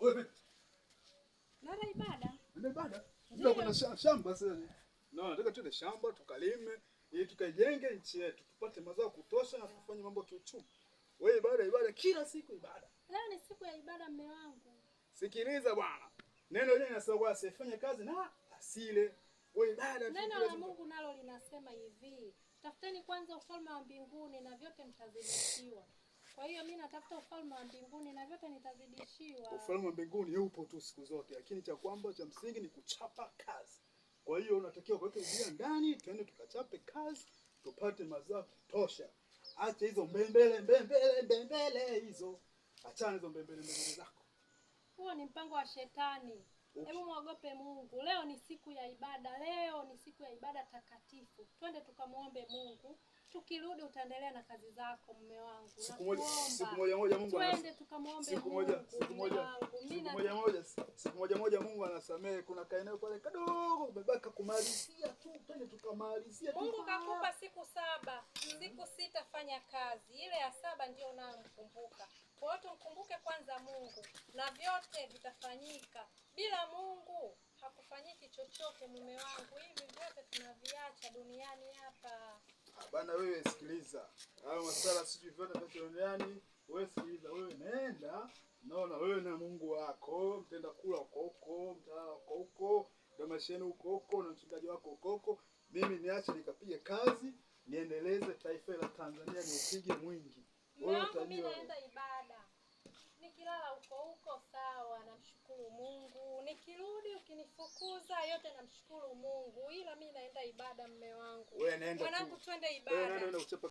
Wewe Nara ibada. Nenda ibada. Ndio kuna shamba sasa. Na nataka tuende shamba tukalime ili tukaijenge nchi yetu tupate mazao kutosha na tufanye mambo ya kiuchumi. Wewe ibada ibada kila siku ibada. Leo ni siku ya ibada mme wangu. Sikiliza bwana. Neno lenyewe linasema asifanye kazi na asile. Wewe ibada Neno la Mungu nalo linasema hivi. Tafuteni kwanza ufalme wa mbinguni na vyote mtazidishiwa. Kwa hiyo mimi natafuta ufalme wa mbinguni na vyote nitazidishiwa. Ufalme wa mbinguni upo tu siku zote, lakini cha kwamba cha msingi ni kuchapa kazi. Kwa hiyo unatakiwa kuweka bidii ndani, tuende tukachape kazi, tupate mazao kutosha. Acha hizo mbembele mbembele mbembele hizo. Achana hizo mbembele mbembele zako. Huo ni mpango wa shetani. Hebu mwogope Mungu. Leo ni siku ya ibada, leo ni siku ya ibada takatifu. Twende tukamwombe Mungu. Tukirudi utaendelea na kazi zako, mume wangu. Siku moja siku moja moja Mungu twende tukamwombe siku moja siku moja siku moja moja siku moja moja Mungu anasamehe. Kuna kaeneo pale kadogo umebaka kumalizia tu, twende tukamalizia tu. Mungu kakupa siku saba, siku sita fanya kazi, ile ya saba ndio unayokumbuka Kwa hiyo tumkumbuke za Mungu na vyote vitafanyika. Bila Mungu hakufanyiki chochote, mume wangu. Hivi vyote tunaviacha duniani hapa bana. Wewe sikiliza hayo masala, sijui vyote vya duniani. Wewe sikiliza, wewe naenda, naona wewe na Mungu wako mtaenda kula huko huko, mtalala huko huko, tamasha yenu huko huko, na mchungaji wako huko huko. Mimi niache nikapige kazi, niendeleze taifa la Tanzania, niupige mwingi. Wewe utaenda ibada namshukuru Mungu, nikirudi ukinifukuza, yote namshukuru Mungu, ila mi naenda ibada. Mme wangu, mwanangu, twende ibada.